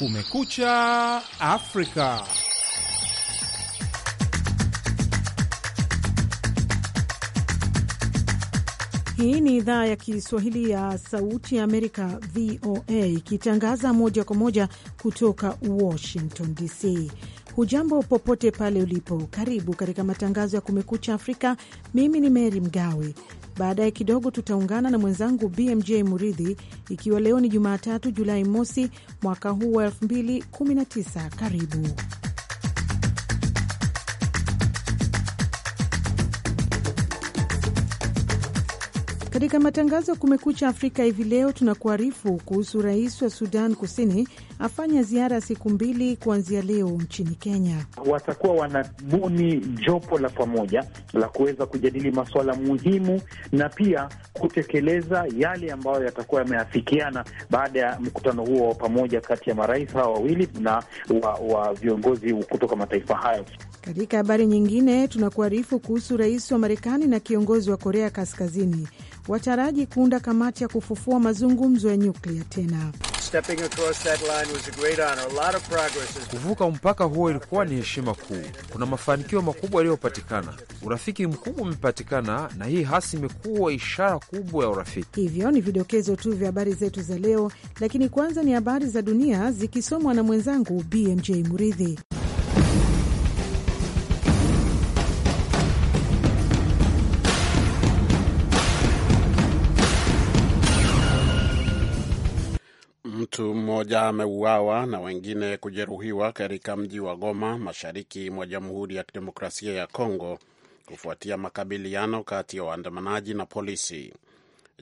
Kumekucha Afrika. Hii ni idhaa ya Kiswahili ya Sauti ya Amerika, VOA, ikitangaza moja kwa moja kutoka Washington DC. Hujambo popote pale ulipo, karibu katika matangazo ya Kumekucha Afrika. Mimi ni Meri Mgawe Baadaye kidogo tutaungana na mwenzangu BMJ Muridhi, ikiwa leo ni Jumatatu Julai mosi mwaka huu wa 2019. Karibu. Katika matangazo ya Kumekucha Afrika hivi leo, tunakuarifu kuhusu rais wa Sudan Kusini afanya ziara ya siku mbili kuanzia leo nchini Kenya. Watakuwa wanabuni jopo la pamoja la kuweza kujadili masuala muhimu na pia kutekeleza yale ambayo yatakuwa yameafikiana baada ya mkutano huo wa pamoja kati ya marais hawa wawili na wa, wa viongozi kutoka mataifa hayo. Katika habari nyingine, tunakuarifu kuhusu rais wa Marekani na kiongozi wa Korea Kaskazini wataraji kuunda kamati ya kufufua mazungumzo ya nyuklia tena. Kuvuka mpaka huo ilikuwa ni heshima kuu. Kuna mafanikio makubwa yaliyopatikana, urafiki mkubwa umepatikana, na hii hasi imekuwa ishara kubwa ya urafiki. Hivyo ni vidokezo tu vya habari zetu za leo, lakini kwanza ni habari za dunia zikisomwa na mwenzangu BMJ Muridhi. Mtu mmoja ameuawa na wengine kujeruhiwa katika mji wa Goma mashariki mwa Jamhuri ya Kidemokrasia ya Kongo kufuatia makabiliano kati ya waandamanaji na polisi.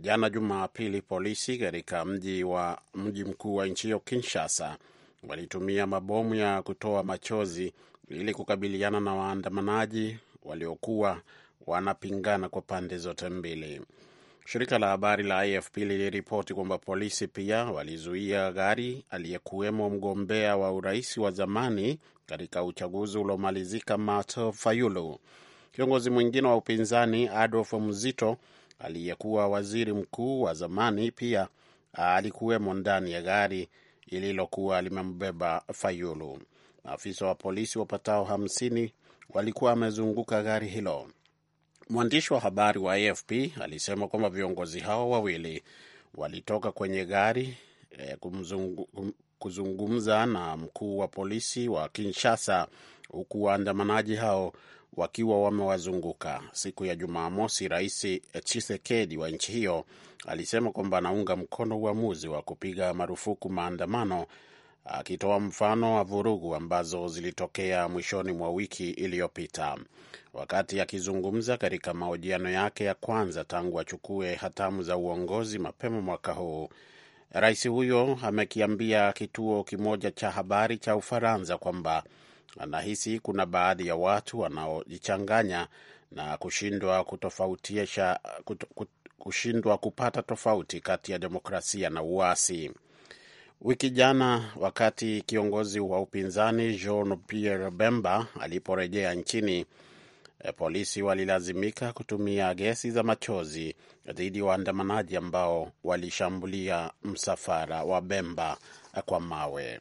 Jana Jumapili, polisi katika mji wa mji mkuu wa nchi hiyo Kinshasa walitumia mabomu ya kutoa machozi ili kukabiliana na waandamanaji waliokuwa wanapingana kwa pande zote mbili. Shirika la habari la AFP liliripoti kwamba polisi pia walizuia gari aliyekuwemo mgombea wa urais wa zamani katika uchaguzi uliomalizika Marto Fayulu. Kiongozi mwingine wa upinzani Adolf mzito aliyekuwa waziri mkuu wa zamani pia alikuwemo ndani ya gari ililokuwa limembeba Fayulu. Maafisa wa polisi wapatao hamsini walikuwa wamezunguka gari hilo. Mwandishi wa habari wa AFP alisema kwamba viongozi hao wawili walitoka kwenye gari eh, kumzungu, kuzungumza na mkuu wa polisi wa Kinshasa huku waandamanaji hao wakiwa wamewazunguka. Siku ya Jumamosi, Rais Tshisekedi wa nchi hiyo alisema kwamba anaunga mkono uamuzi wa kupiga marufuku maandamano akitoa mfano wa vurugu ambazo zilitokea mwishoni mwa wiki iliyopita. Wakati akizungumza katika mahojiano yake ya kwanza tangu achukue hatamu za uongozi mapema mwaka huu, rais huyo amekiambia kituo kimoja cha habari cha Ufaransa kwamba anahisi kuna baadhi ya watu wanaojichanganya na kushindwa kutofautisha, kut, kushindwa kupata tofauti kati ya demokrasia na uasi. Wiki jana wakati kiongozi wa upinzani Jean Pierre Bemba aliporejea nchini, eh, polisi walilazimika kutumia gesi za machozi dhidi ya waandamanaji ambao walishambulia msafara wa Bemba eh, kwa mawe.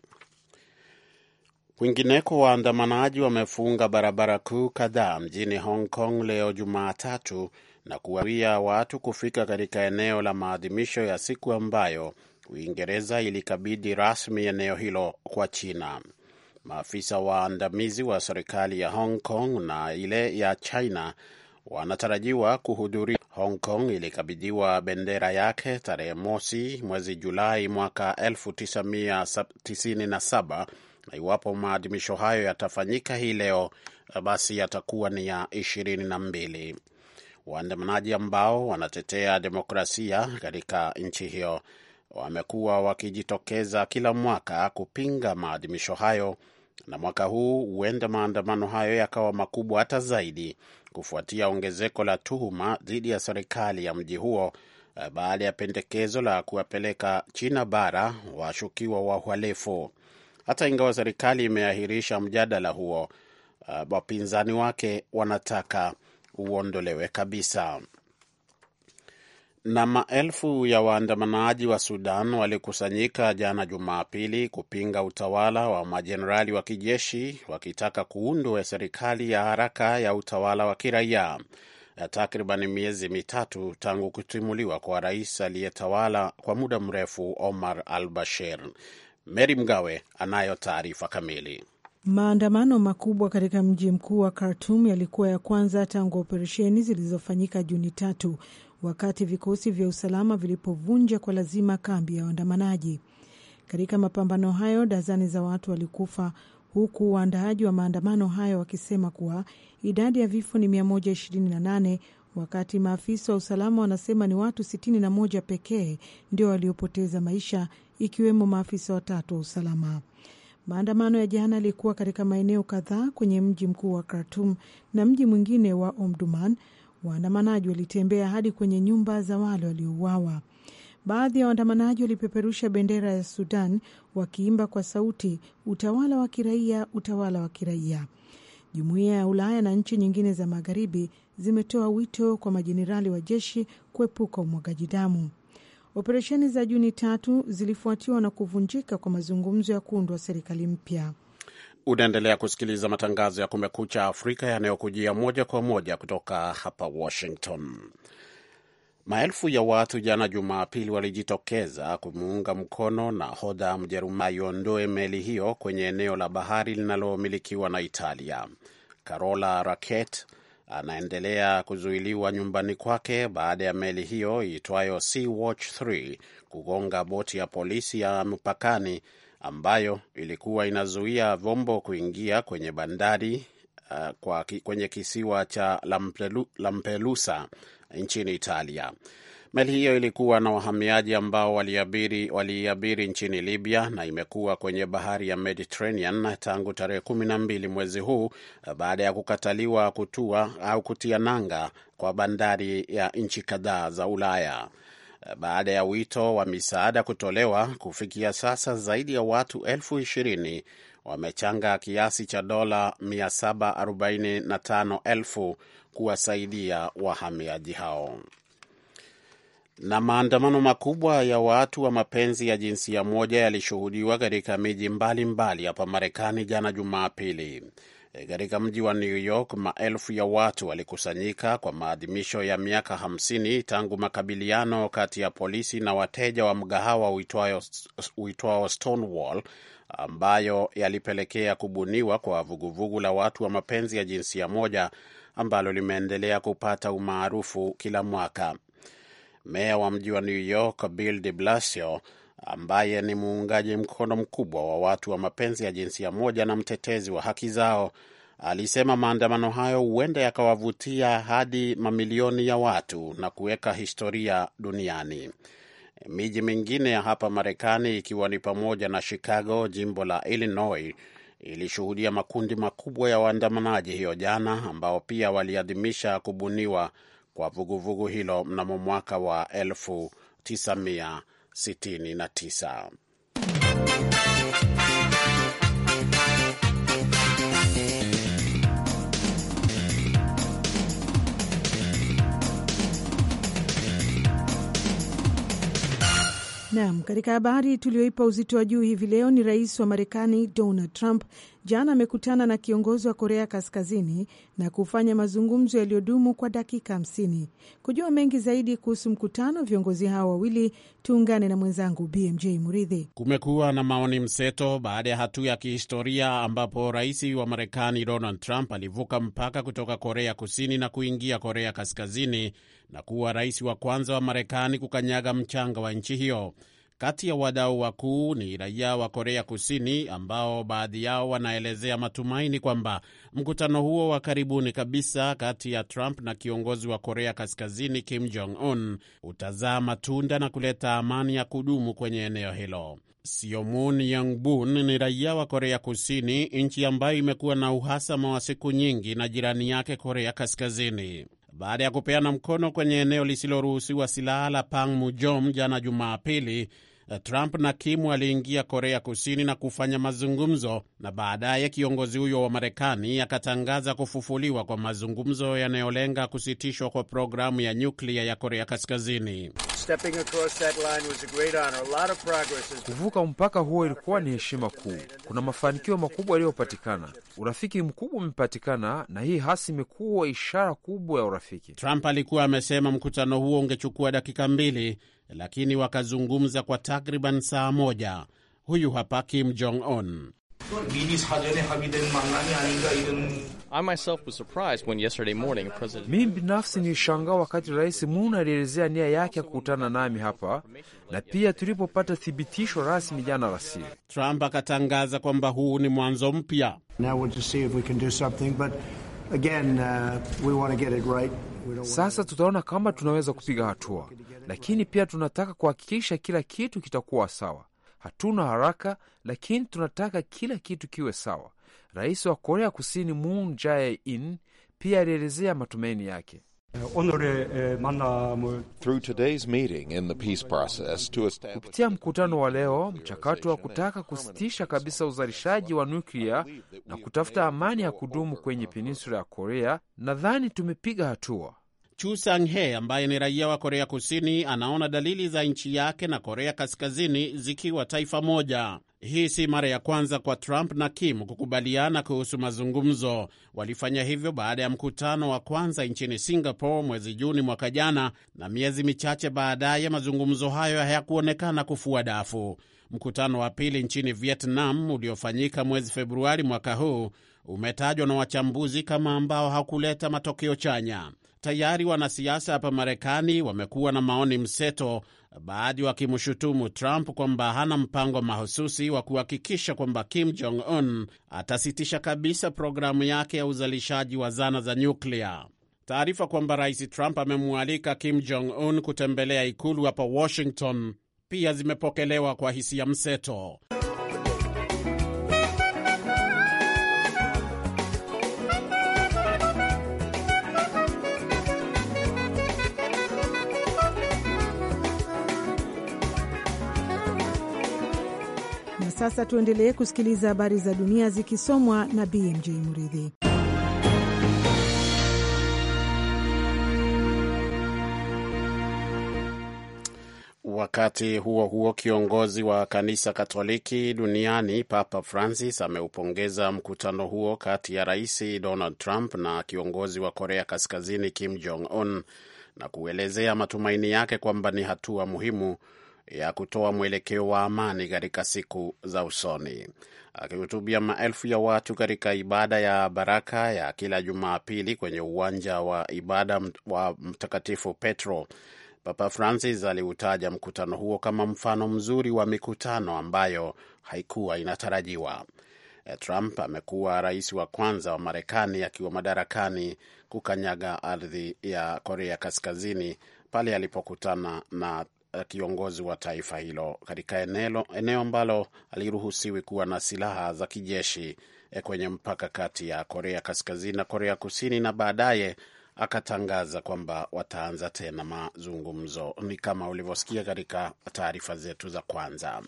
Kwingineko, waandamanaji wamefunga barabara kuu kadhaa mjini Hong Kong leo Jumatatu na kuwazuia watu kufika katika eneo la maadhimisho ya siku ambayo Uingereza ilikabidhi rasmi eneo hilo kwa China. Maafisa waandamizi wa serikali ya Hong Kong na ile ya China wanatarajiwa kuhudhuria. Hong Kong ilikabidhiwa bendera yake tarehe mosi mwezi Julai mwaka 1997 na iwapo maadhimisho hayo yatafanyika hii leo, basi yatakuwa ni ya ishirini na mbili. Waandamanaji ambao wanatetea demokrasia katika nchi hiyo wamekuwa wakijitokeza kila mwaka kupinga maadhimisho hayo, na mwaka huu huenda maandamano hayo yakawa makubwa hata zaidi kufuatia ongezeko la tuhuma dhidi ya serikali ya mji huo eh, baada ya pendekezo la kuwapeleka China bara washukiwa wa uhalifu. Hata ingawa serikali imeahirisha mjadala huo, eh, wapinzani wake wanataka uondolewe kabisa. Na maelfu ya waandamanaji wa Sudan walikusanyika jana Jumapili kupinga utawala wa majenerali wa kijeshi wakitaka kuundwe serikali ya haraka ya utawala wa kiraia ya takriban miezi mitatu tangu kutimuliwa kwa rais aliyetawala kwa muda mrefu Omar al Bashir. Meri Mgawe anayo taarifa kamili. Maandamano makubwa katika mji mkuu wa Khartum yalikuwa ya kwanza tangu operesheni zilizofanyika Juni tatu wakati vikosi vya usalama vilipovunja kwa lazima kambi ya waandamanaji. Katika mapambano hayo, dazani za watu walikufa, huku waandaaji wa maandamano hayo wakisema kuwa idadi ya vifo ni 128 wakati maafisa wa usalama wanasema ni watu 61 pekee ndio waliopoteza maisha ikiwemo maafisa watatu wa usalama. Maandamano ya jana yalikuwa katika maeneo kadhaa kwenye mji mkuu wa Khartum na mji mwingine wa Omduman Waandamanaji walitembea hadi kwenye nyumba za wale waliouawa. Baadhi ya waandamanaji walipeperusha bendera ya Sudan wakiimba kwa sauti, utawala wa kiraia, utawala wa kiraia. Jumuiya ya Ulaya na nchi nyingine za magharibi zimetoa wito kwa majenerali wa jeshi kuepuka umwagaji damu. Operesheni za Juni tatu zilifuatiwa na kuvunjika kwa mazungumzo ya kuundwa serikali mpya. Unaendelea kusikiliza matangazo ya Kumekucha Afrika yanayokujia moja kwa moja kutoka hapa Washington. Maelfu ya watu jana Jumapili walijitokeza kumuunga mkono nahodha Mjerumani aiondoe meli hiyo kwenye eneo la bahari linalomilikiwa na Italia. Carola raket anaendelea kuzuiliwa nyumbani kwake baada ya meli hiyo iitwayo Sea Watch 3 kugonga boti ya polisi ya mpakani ambayo ilikuwa inazuia vombo kuingia kwenye bandari uh, kwa, kwenye kisiwa cha Lampelu, Lampelusa nchini Italia. Meli hiyo ilikuwa na wahamiaji ambao waliabiri, waliabiri nchini Libya na imekuwa kwenye bahari ya Mediterranean tangu tarehe kumi na mbili mwezi huu uh, baada ya kukataliwa kutua au kutia nanga kwa bandari ya nchi kadhaa za Ulaya baada ya wito wa misaada kutolewa. Kufikia sasa zaidi ya watu elfu ishirini wamechanga kiasi cha dola 745,000 kuwasaidia wahamiaji hao. Na maandamano makubwa ya watu wa mapenzi ya jinsia moja yalishuhudiwa katika miji mbalimbali hapa Marekani jana Jumapili. E, katika mji wa New York maelfu ya watu walikusanyika kwa maadhimisho ya miaka 50 tangu makabiliano kati ya polisi na wateja wa mgahawa uitwao Stonewall ambayo yalipelekea kubuniwa kwa vuguvugu la watu wa mapenzi ya jinsia moja ambalo limeendelea kupata umaarufu kila mwaka. Meya wa mji wa New York Bill de Blasio ambaye ni muungaji mkono mkubwa wa watu wa mapenzi ya jinsia moja na mtetezi wa haki zao, alisema maandamano hayo huenda yakawavutia hadi mamilioni ya watu na kuweka historia duniani. Miji mingine ya hapa Marekani ikiwa ni pamoja na Chicago, jimbo la Illinois, ilishuhudia makundi makubwa ya waandamanaji hiyo jana, ambao pia waliadhimisha kubuniwa kwa vuguvugu vugu hilo mnamo mwaka wa elfu tisa mia 69. Nam, katika habari tuliyoipa uzito wa juu hivi leo ni rais wa Marekani Donald Trump jana amekutana na kiongozi wa Korea Kaskazini na kufanya mazungumzo yaliyodumu kwa dakika 50. Kujua mengi zaidi kuhusu mkutano viongozi hao wawili, tuungane na mwenzangu BMJ Muridhi. Kumekuwa na maoni mseto baada ya hatua ya kihistoria ambapo rais wa Marekani Donald Trump alivuka mpaka kutoka Korea Kusini na kuingia Korea Kaskazini na kuwa rais wa kwanza wa Marekani kukanyaga mchanga wa nchi hiyo. Kati ya wadau wakuu ni raia wa Korea Kusini ambao baadhi yao wanaelezea matumaini kwamba mkutano huo wa karibuni kabisa kati ya Trump na kiongozi wa Korea Kaskazini Kim Jong Un utazaa matunda na kuleta amani ya kudumu kwenye eneo hilo. Yong Yangbun ni raia wa Korea Kusini, nchi ambayo imekuwa na uhasama wa siku nyingi na jirani yake Korea Kaskazini. Baada ya kupeana mkono kwenye eneo lisiloruhusiwa silaha la mujom jana Jumapili, Eh, Trump na Kim aliingia Korea Kusini na kufanya mazungumzo, na baadaye kiongozi huyo wa Marekani akatangaza kufufuliwa kwa mazungumzo yanayolenga kusitishwa kwa programu ya nyuklia ya Korea Kaskazini. Kuvuka mpaka huo ilikuwa ni heshima kuu. Kuna mafanikio makubwa yaliyopatikana, urafiki mkubwa umepatikana, na hii hasi imekuwa ishara kubwa ya urafiki. Trump alikuwa amesema mkutano huo ungechukua dakika mbili, lakini wakazungumza kwa takriban saa moja. Huyu hapa Kim Jong Un. Mimi binafsi nilishangaa wakati Rais Moon alielezea nia yake ya kukutana nami hapa na pia tulipopata thibitisho rasmi jana alasiri. Trump akatangaza kwamba huu ni mwanzo mpya. Uh, Sasa tutaona kama tunaweza kupiga hatua, lakini pia tunataka kuhakikisha kila kitu kitakuwa sawa. Hatuna haraka, lakini tunataka kila kitu kiwe sawa. Rais wa Korea Kusini Moon Jae-in pia alielezea matumaini yake. Uh, uh, Kupitia mkutano wa leo, mchakato wa kutaka kusitisha kabisa uzalishaji wa nuklia na kutafuta amani ya kudumu kwenye peninsula ya Korea, nadhani tumepiga hatua. Chu Sang-he ambaye ni raia wa Korea Kusini anaona dalili za nchi yake na Korea Kaskazini zikiwa taifa moja. Hii si mara ya kwanza kwa Trump na Kim kukubaliana kuhusu mazungumzo. Walifanya hivyo baada ya mkutano wa kwanza nchini Singapore mwezi Juni mwaka jana, na miezi michache baadaye mazungumzo hayo hayakuonekana kufua dafu. Mkutano wa pili nchini Vietnam uliofanyika mwezi Februari mwaka huu umetajwa na wachambuzi kama ambao hakuleta matokeo chanya tayari wanasiasa hapa Marekani wamekuwa na maoni mseto, baadhi wakimshutumu Trump kwamba hana mpango mahususi wa kuhakikisha kwamba Kim Jong Un atasitisha kabisa programu yake ya uzalishaji wa zana za nyuklia. Taarifa kwamba Rais Trump amemwalika Kim Jong Un kutembelea ikulu hapa Washington pia zimepokelewa kwa hisia mseto. sasa tuendelee kusikiliza habari za dunia zikisomwa na BMJ Muridhi. Wakati huo huo, kiongozi wa kanisa Katoliki duniani Papa Francis ameupongeza mkutano huo kati ya Rais Donald Trump na kiongozi wa Korea Kaskazini Kim Jong Un na kuelezea matumaini yake kwamba ni hatua muhimu ya kutoa mwelekeo wa amani katika siku za usoni. Akihutubia maelfu ya watu katika ibada ya baraka ya kila Jumapili kwenye uwanja wa ibada wa Mtakatifu Petro, Papa Francis aliutaja mkutano huo kama mfano mzuri wa mikutano ambayo haikuwa inatarajiwa. Trump amekuwa rais wa kwanza wa Marekani akiwa madarakani kukanyaga ardhi ya Korea Kaskazini pale alipokutana na Eh, kiongozi wa taifa hilo katika eneo ambalo aliruhusiwi kuwa na silaha za kijeshi eh, kwenye mpaka kati ya Korea Kaskazini na Korea Kusini, na baadaye akatangaza kwamba wataanza tena mazungumzo. Ni kama ulivyosikia katika taarifa zetu za kwanza.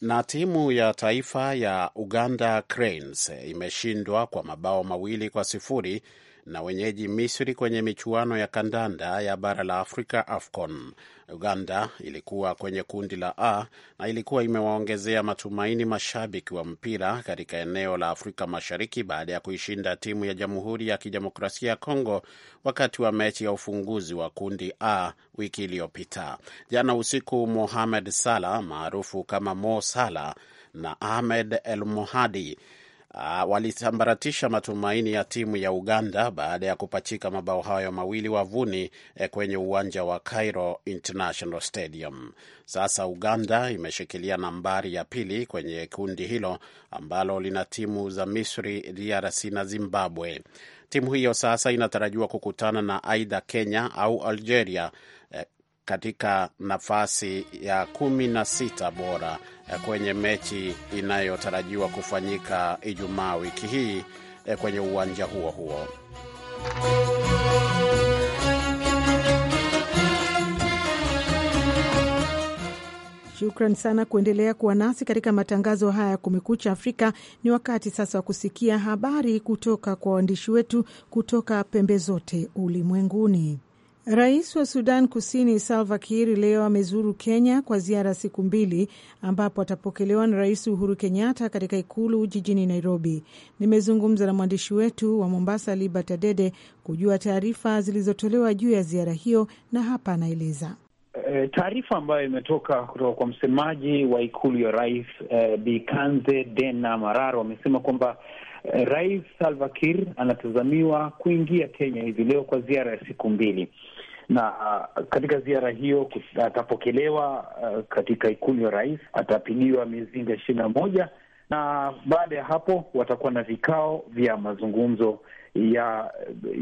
Na timu ya taifa ya Uganda Cranes eh, imeshindwa kwa mabao mawili kwa sifuri na wenyeji Misri kwenye michuano ya kandanda ya bara la Afrika AFCON. Uganda ilikuwa kwenye kundi la A na ilikuwa imewaongezea matumaini mashabiki wa mpira katika eneo la Afrika Mashariki baada ya kuishinda timu ya Jamhuri ya Kidemokrasia ya Kongo wakati wa mechi ya ufunguzi wa kundi A wiki iliyopita. Jana usiku, Mohamed Salah maarufu kama Mo Salah na Ahmed El Mohadi uh, walisambaratisha matumaini ya timu ya Uganda baada ya kupachika mabao hayo mawili wavuni eh, kwenye uwanja wa Cairo International Stadium. Sasa Uganda imeshikilia nambari ya pili kwenye kundi hilo ambalo lina timu za Misri, DRC na Zimbabwe. Timu hiyo sasa inatarajiwa kukutana na aidha Kenya au Algeria katika nafasi ya kumi na sita bora eh, kwenye mechi inayotarajiwa kufanyika Ijumaa wiki hii eh, kwenye uwanja huo huo. Shukran sana kuendelea kuwa nasi katika matangazo haya ya Kumekucha Afrika. Ni wakati sasa wa kusikia habari kutoka kwa waandishi wetu kutoka pembe zote ulimwenguni. Rais wa Sudan Kusini Salva Kiir leo amezuru Kenya kwa ziara siku mbili, ambapo atapokelewa na Rais Uhuru Kenyatta katika ikulu jijini Nairobi. Nimezungumza na mwandishi wetu wa Mombasa, Libert Adede, kujua taarifa zilizotolewa juu ya ziara hiyo, na hapa anaeleza. E, taarifa ambayo imetoka kutoka kwa msemaji wa ikulu ya rais e, eh, Bikanze Dena Mararo amesema kwamba Rais Salva Kiir anatazamiwa kuingia Kenya hivi leo kwa ziara ya siku mbili na uh, katika ziara hiyo atapokelewa uh, katika ikulu ya rais, atapigiwa mizinga ishirini na moja na baada ya hapo watakuwa na vikao vya mazungumzo ya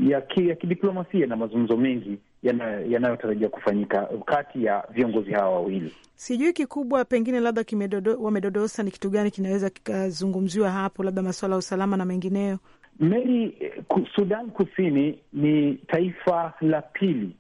ya, ki, ya kidiplomasia na mazungumzo mengi yanayotarajia yana kufanyika kati ya viongozi hawa wawili. Sijui kikubwa pengine labda wamedodosa ni kitu gani kinaweza kikazungumziwa hapo, labda masuala ya usalama na mengineyo. Meli, Sudan Kusini ni taifa la pili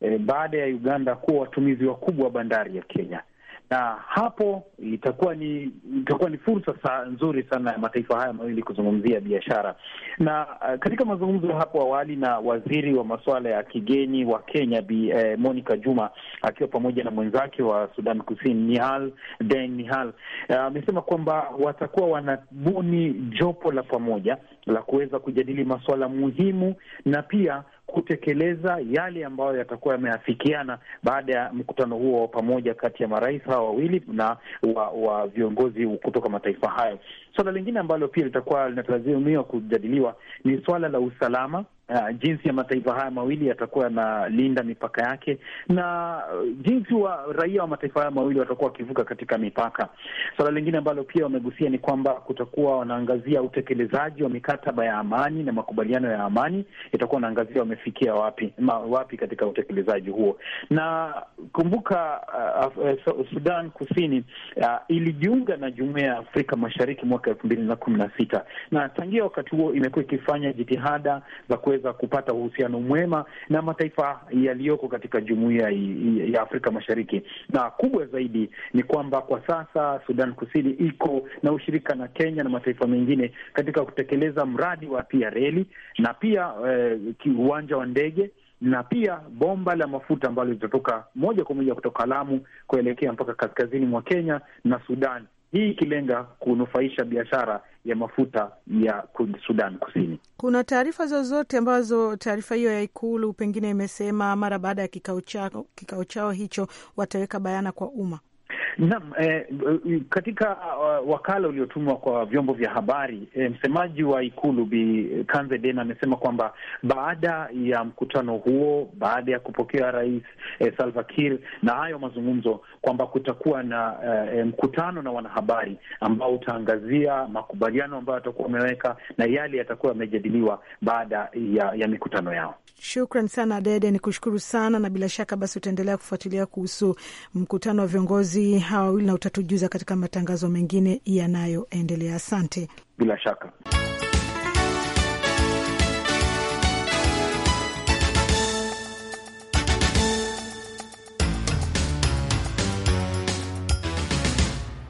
eh, baada ya Uganda kuwa watumizi wakubwa wa bandari ya Kenya na hapo itakuwa ni itakuwa ni fursa sa, nzuri sana ya mataifa haya mawili kuzungumzia biashara. Na uh, katika mazungumzo hapo awali na waziri wa masuala ya kigeni wa Kenya Bi eh, Monica Juma akiwa pamoja na mwenzake wa Sudan Kusini Nihal Deng Nihal eh, amesema uh, kwamba watakuwa wanabuni jopo la pamoja la kuweza kujadili masuala muhimu na pia kutekeleza yale ambayo yatakuwa yameafikiana baada ya mkutano huo wa pamoja kati ya marais hawa wawili na wa, wa viongozi kutoka mataifa hayo. Swala lingine ambalo pia litakuwa linatazamiwa kujadiliwa ni swala la usalama. Uh, jinsi ya mataifa haya mawili yatakuwa yanalinda mipaka yake na uh, jinsi wa raia wa mataifa haya mawili watakuwa wakivuka katika mipaka. Suala lingine ambalo pia wamegusia ni kwamba kutakuwa wanaangazia utekelezaji wa mikataba ya amani na makubaliano ya amani, itakuwa wanaangazia wamefikia wapi, ma, wapi katika utekelezaji huo. Na kumbuka uh, uh, Sudan Kusini uh, ilijiunga na Jumuiya ya Afrika Mashariki mwaka mwaka elfu mbili na kumi na sita na tangia wakati huo imekuwa ikifanya jitihada za kuweza kupata uhusiano mwema na mataifa yaliyoko katika jumuiya ya Afrika Mashariki, na kubwa zaidi ni kwamba kwa sasa Sudan Kusini iko na ushirika na Kenya na mataifa mengine katika kutekeleza mradi wa pia reli na pia eh, uwanja wa ndege na pia bomba la mafuta ambalo litatoka moja kwa moja kutoka Lamu kuelekea mpaka kaskazini mwa Kenya na Sudan hii ikilenga kunufaisha biashara ya mafuta ya Sudan Kusini. Kuna taarifa zozote ambazo taarifa hiyo ya Ikulu pengine imesema mara baada ya kikao chao, kikao chao hicho wataweka bayana kwa umma? Naam, eh, eh, katika uh, wakala uliotumwa kwa vyombo vya habari eh, msemaji wa ikulu Bi Kanze Dena amesema kwamba baada ya mkutano huo, baada ya kupokea rais eh, Salva Kiir na hayo mazungumzo, kwamba kutakuwa na eh, eh mkutano na wanahabari ambao utaangazia makubaliano ambayo yatakuwa wameweka na yale yatakuwa yamejadiliwa baada ya, ya mikutano yao. Shukran sana Dede, ni kushukuru sana na bila shaka basi utaendelea kufuatilia kuhusu mkutano wa viongozi hawa wawili na utatujuza katika matangazo mengine yanayoendelea. Asante bila shaka.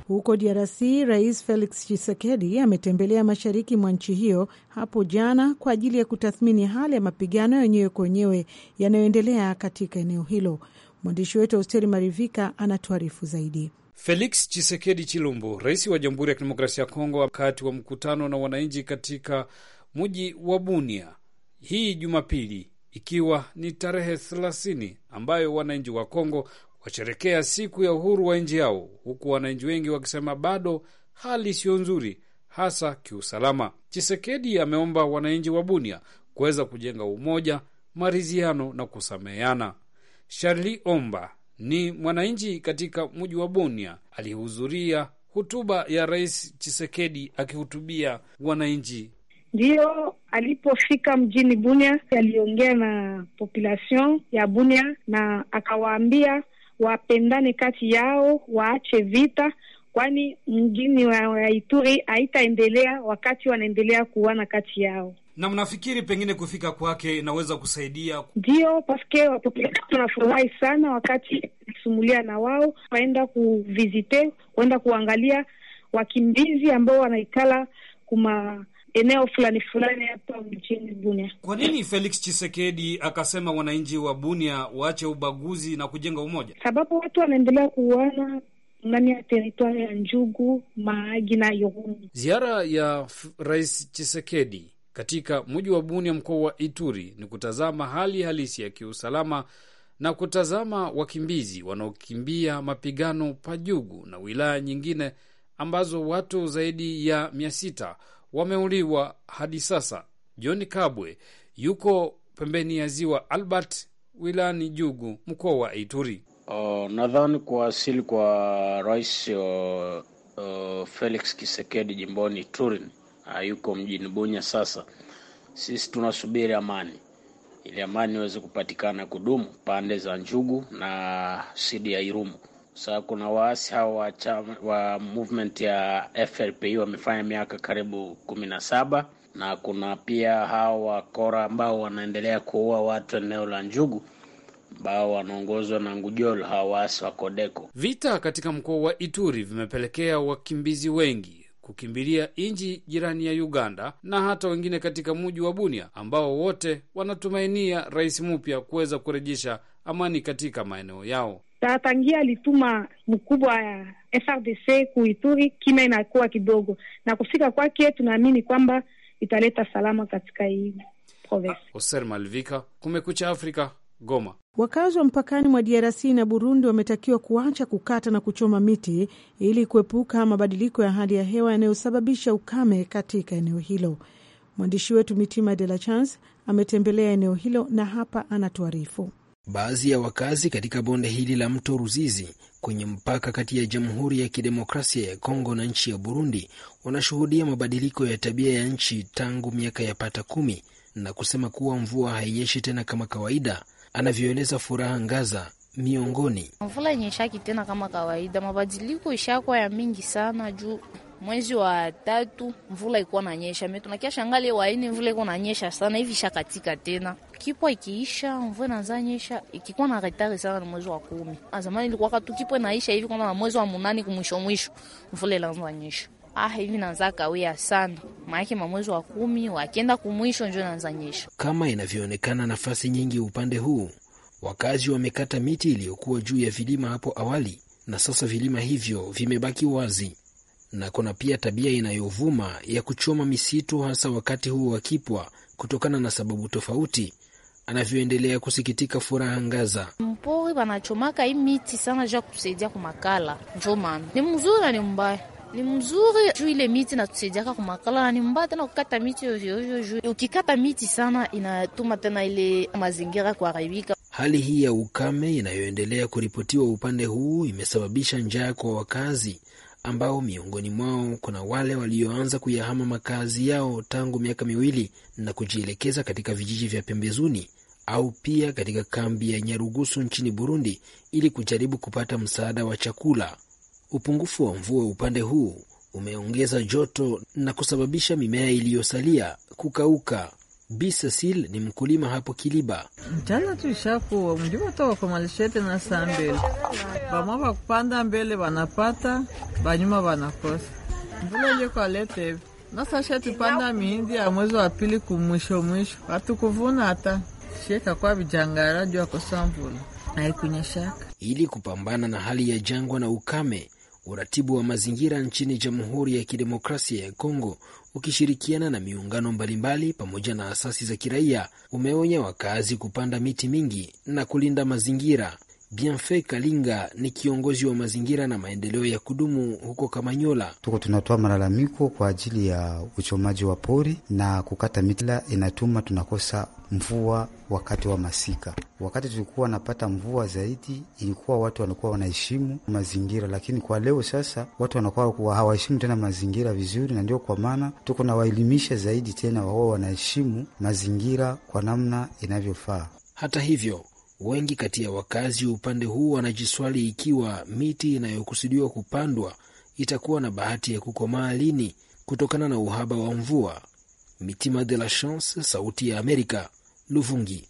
Huko DRC Rais Felix Tshisekedi ametembelea mashariki mwa nchi hiyo hapo jana kwa ajili ya kutathmini hali ya mapigano ya wenyewe kwa wenyewe yanayoendelea katika eneo hilo. Mwandishi wetu Austeri Marivika anatuarifu zaidi. Felix Chisekedi Chilumbu, rais wa Jamhuri ya Kidemokrasia ya Kongo, wakati wa mkutano na wananchi katika mji wa Bunia hii Jumapili, ikiwa ni tarehe 30 ambayo wananchi wa Kongo washerekea siku ya uhuru wa nchi yao, huku wananchi wengi wakisema bado hali siyo nzuri, hasa kiusalama. Chisekedi ameomba wananchi wa Bunia kuweza kujenga umoja, maridhiano na kusameheana. Sharli Omba ni mwananchi katika mji wa Bunia, alihudhuria hotuba ya Rais Chisekedi akihutubia wananchi. Ndiyo, alipofika mjini Bunia aliongea na population ya Bunia na akawaambia wapendane kati yao, waache vita, kwani mjini wa Ituri haitaendelea wakati wanaendelea kuuana kati yao. Na mnafikiri pengine kufika kwake inaweza kusaidia? Ndio, paske tunafurahi sana wakati sumulia na wao waenda kuvizite, waenda kuangalia wakimbizi ambao wanaikala kuma eneo fulani fulani hapa mjini Bunia. Kwa nini Felix Chisekedi akasema wananchi wa Bunia waache ubaguzi na kujenga umoja? Sababu watu wanaendelea kuuana ndani ya teritwari ya Njugu, Maagi na Yorumu. Ziara ya Rais Chisekedi katika mji wa Bunia, mkoa wa Ituri, ni kutazama hali halisi ya kiusalama na kutazama wakimbizi wanaokimbia mapigano Pajugu na wilaya nyingine ambazo watu zaidi ya mia sita wameuliwa hadi sasa. John Kabwe yuko pembeni ya ziwa Albert wilayani Jugu, mkoa wa Ituri. Uh, nadhani kuwasili kwa rais uh, uh, Felix Kisekedi jimboni Turin Ah, yuko mjini Bunya. Sasa sisi tunasubiri amani, ili amani iweze kupatikana kudumu pande za Njugu na sidi ya Irumu. Sasa kuna waasi hao wa, wa movement ya frpi wamefanya miaka karibu kumi na saba na kuna pia hao wakora ambao wanaendelea kuua watu eneo la Njugu ambao wanaongozwa na Ngujol, hao waasi wa Kodeko. Vita katika mkoa wa Ituri vimepelekea wakimbizi wengi kukimbilia nchi jirani ya Uganda na hata wengine katika mji wa Bunia ambao wote wanatumainia rais mpya kuweza kurejesha amani katika maeneo yao. Tangia alituma mkubwa ya FRDC kuituri, kima inakuwa kidogo, na kufika kwake tunaamini kwamba italeta salama katika hii province. Ah, Oser Malvika, Kumekucha Afrika, Goma. Wakazi wa mpakani mwa DRC na Burundi wametakiwa kuacha kukata na kuchoma miti ili kuepuka mabadiliko ya hali ya hewa yanayosababisha ukame katika eneo hilo. Mwandishi wetu Mitima De La Chance ametembelea eneo hilo na hapa anatuarifu. Baadhi ya wakazi katika bonde hili la mto Ruzizi kwenye mpaka kati ya Jamhuri ya Kidemokrasia ya Kongo na nchi ya Burundi wanashuhudia mabadiliko ya tabia ya nchi tangu miaka ya pata kumi na kusema kuwa mvua hainyeshi tena kama kawaida anavyoeleza Furaha Ngaza miongoni. Mvula nyeshaki tena kama kawaida, mabadiliko ishakwa ya mingi sana juu mwezi wa tatu mvula ikuwa nanyesha metu nakia shangali waine mvula ikuwa nanyesha sana hivi shakatika tena kipwa ikiisha mvua naza nyesha ikikuwa na retari sana, na mwezi wa kumi. azamani ah, ilikuwa katu kipwa naisha hivi na mwezi wa munani kumwisho mwisho mvula ilanza nyesha ah, hivi naanza kawia sana, maanake mwezi wa kumi wakienda kumwisho njo naanza nyesha. Kama inavyoonekana nafasi nyingi upande huu, wakazi wamekata miti iliyokuwa juu ya vilima hapo awali, na sasa vilima hivyo vimebaki wazi na kuna pia tabia inayovuma ya kuchoma misitu hasa wakati huo wa kipwa, kutokana na sababu tofauti, anavyoendelea kusikitika Furaha Ngaza. Mpori wanachomaka hii miti sana ja kusaidia kumakala, njo maana ni mzuri na ni mbaya ni mzuri juu ile miti natusaidiaka kumakala, ni mbaya tena kukata miti ovyo juu ukikata miti sana inatuma tena ile mazingira kuharibika. Hali hii ya ukame inayoendelea kuripotiwa upande huu imesababisha njaa kwa wakazi ambao miongoni mwao kuna wale walioanza kuyahama makazi yao tangu miaka miwili na kujielekeza katika vijiji vya pembezuni au pia katika kambi ya Nyarugusu nchini Burundi ili kujaribu kupata msaada wa chakula. Upungufu wa mvua upande huu umeongeza joto na kusababisha mimea iliyosalia kukauka. Bi Cecil ni mkulima hapo Kiliba. Mchana tuishakuwa mjivotoka kwa malishete na saa mbele bamwa bakupanda mbele banapata banyuma banakosa mvula iliokwalete hivi nasasha tupanda mihindi ya mwezi wa pili kumwisho mwisho hatukuvuna hata sheka kwa vijangara juu akosa mvula haikunyeshaka. Ili kupambana na hali ya jangwa na ukame Uratibu wa mazingira nchini Jamhuri ya Kidemokrasia ya Kongo ukishirikiana na miungano mbalimbali pamoja na asasi za kiraia umeonya wakazi kupanda miti mingi na kulinda mazingira Bienfait Kalinga ni kiongozi wa mazingira na maendeleo ya kudumu huko Kamanyola. Tuko tunatoa malalamiko kwa ajili ya uchomaji wa pori na kukata mitila, inatuma tunakosa mvua wakati wa masika. Wakati tulikuwa wanapata mvua zaidi, ilikuwa watu wanakuwa wanaheshimu mazingira, lakini kwa leo sasa watu wanakuwa hawaheshimu tena mazingira vizuri, na ndio kwa maana tuko nawaelimisha zaidi tena wao wanaheshimu mazingira kwa namna inavyofaa. Hata hivyo Wengi kati ya wakazi wa upande huu wanajiswali ikiwa miti inayokusudiwa kupandwa itakuwa na bahati ya kukomaa lini kutokana na uhaba wa mvua. Mitima de la Chance, Sauti ya Amerika, Luvungi.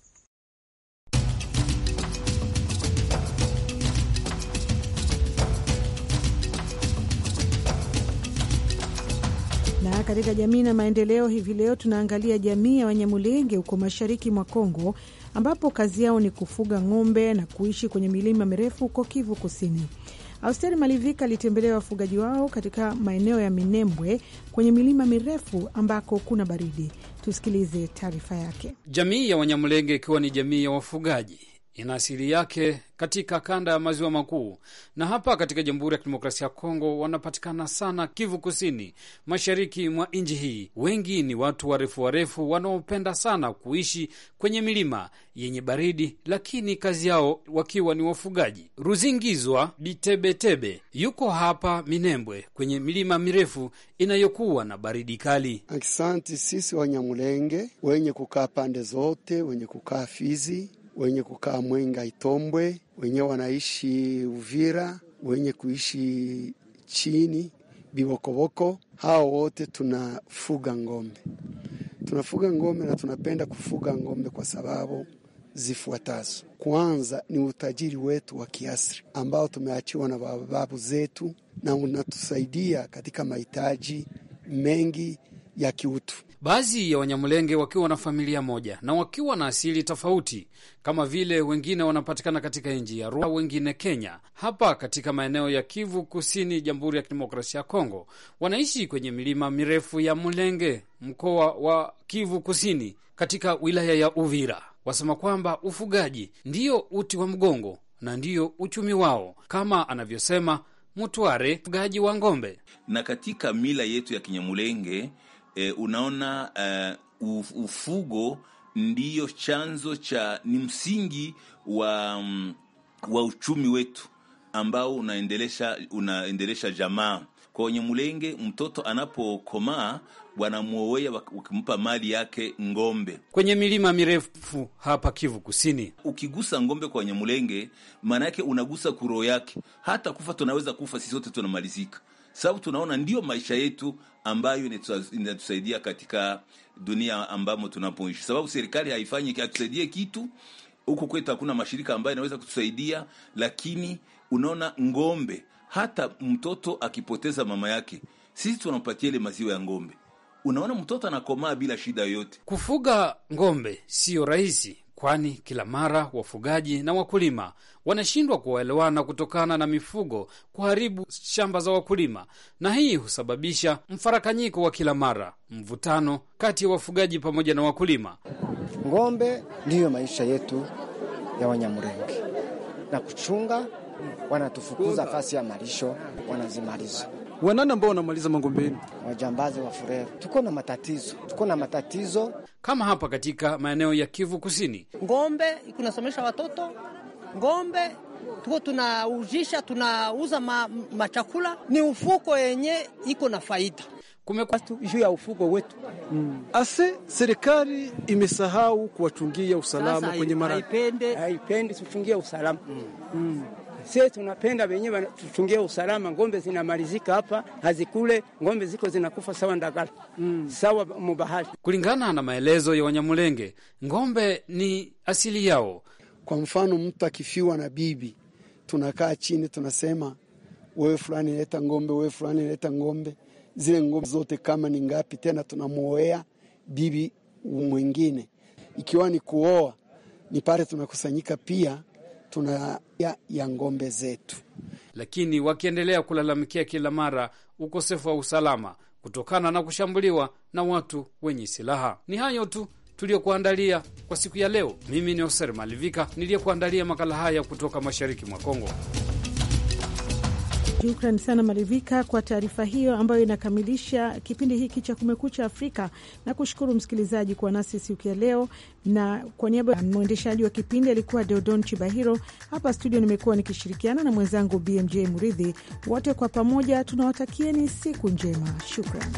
Na katika jamii na maendeleo, hivi leo tunaangalia jamii ya Wanyamulenge huko mashariki mwa Kongo, ambapo kazi yao ni kufuga ng'ombe na kuishi kwenye milima mirefu huko Kivu Kusini. Austeri Malivika alitembelea wafugaji wao katika maeneo ya Minembwe kwenye milima mirefu ambako kuna baridi. Tusikilize taarifa yake. Jamii ya Wanyamulenge ikiwa ni jamii ya wafugaji ina asili yake katika kanda ya maziwa makuu, na hapa katika Jamhuri ya Kidemokrasia ya Kongo wanapatikana sana Kivu Kusini, mashariki mwa nchi hii. Wengi ni watu warefu warefu wanaopenda sana kuishi kwenye milima yenye baridi, lakini kazi yao wakiwa ni wafugaji. Ruzingizwa Bitebetebe yuko hapa Minembwe, kwenye milima mirefu inayokuwa na baridi kali. aksanti sisi Wanyamulenge wenye kukaa pande zote, wenye kukaa Fizi wenye kukaa Mwenga Itombwe, wenye wanaishi Uvira, wenye kuishi chini Bibokoboko, hao wote tunafuga ng'ombe. Tunafuga ng'ombe na tunapenda kufuga ng'ombe kwa sababu zifuatazo. Kwanza ni utajiri wetu wa kiasri ambao tumeachiwa na bababu zetu, na unatusaidia katika mahitaji mengi ya kiutu. Baadhi ya Wanyamulenge wakiwa na familia moja na wakiwa na asili tofauti, kama vile wengine wanapatikana katika nchi ya Rwanda, wengine Kenya. Hapa katika maeneo ya Kivu Kusini, Jamhuri ya Kidemokrasia ya Kongo, wanaishi kwenye milima mirefu ya Mulenge, mkoa wa Kivu Kusini, katika wilaya ya Uvira. Wasema kwamba ufugaji ndiyo uti wa mgongo na ndiyo uchumi wao, kama anavyosema Mutware, mfugaji wa ng'ombe. Na katika mila yetu ya Kinyamulenge e, unaona uh, ufugo ndiyo chanzo cha ni msingi wa, um, wa uchumi wetu ambao unaendelesha unaendelesha jamaa kwenye mulenge. Mtoto anapokomaa wanamwowea wakimpa mali yake ng'ombe. Kwenye milima mirefu hapa Kivu Kusini, ukigusa ng'ombe kwenye mulenge, maana yake unagusa kuroho yake. Hata kufa tunaweza kufa sisi sote tunamalizika, sababu tunaona ndiyo maisha yetu ambayo inatusaidia katika dunia ambamo tunapoishi, sababu serikali haifanyi atusaidie kitu huku kwetu. Hakuna mashirika ambayo inaweza kutusaidia, lakini unaona ng'ombe, hata mtoto akipoteza mama yake, sisi tunampatia ile maziwa ya ng'ombe. Unaona mtoto anakomaa bila shida yoyote. Kufuga ng'ombe siyo rahisi, kwani kila mara wafugaji na wakulima wanashindwa kuwaelewana kutokana na mifugo kuharibu shamba za wakulima, na hii husababisha mfarakanyiko wa kila mara, mvutano kati ya wafugaji pamoja na wakulima. Ng'ombe ndiyo maisha yetu ya Wanyamurenge na kuchunga, wanatufukuza fasi ya malisho, wanazimaliza wanani ambao wanamaliza mangombe wajambazi wa fureru. Tuko na matatizo, tuko na matatizo kama hapa katika maeneo ya Kivu Kusini, ngombe kunasomesha watoto ngombe tuko tunauzisha, tunauza ma, machakula ni ufuko yenye iko na faida kumekwatu juu ya ufuko wetu mm. Ase serikali imesahau kuwachungia usalama kwenye mara haipende, haipende kuchungia usalama mm. Mm sie tunapenda wenyewe tutungie usalama. Ng'ombe zinamalizika hapa, hazikule ng'ombe ziko zinakufa sawa ndagala mm, sawa mubahari. Kulingana na maelezo ya Wanyamulenge, ng'ombe ni asili yao. Kwa mfano, mtu akifiwa na bibi, tunakaa chini tunasema, wewe fulani leta ng'ombe, wewe fulani leta ng'ombe, zile ng'ombe zote kama ni ngapi tena, tunamwoea bibi mwingine. Ikiwa ni kuoa ni pale tunakusanyika pia tuna ya, ya ng'ombe zetu, lakini wakiendelea kulalamikia kila mara ukosefu wa usalama kutokana na kushambuliwa na watu wenye silaha. Ni hayo tu tuliyokuandalia kwa siku ya leo. Mimi ni oser Malivika niliyekuandalia makala haya kutoka mashariki mwa Kongo. Shukran sana Marivika kwa taarifa hiyo ambayo inakamilisha kipindi hiki cha Kumekucha Afrika na kushukuru msikilizaji kuwa nasi siku ya leo, na kwa niaba ya mwendeshaji wa kipindi alikuwa Deodon Chibahiro. Hapa studio nimekuwa nikishirikiana na mwenzangu BMJ Muridhi. Wote kwa pamoja tunawatakieni siku njema. Shukran.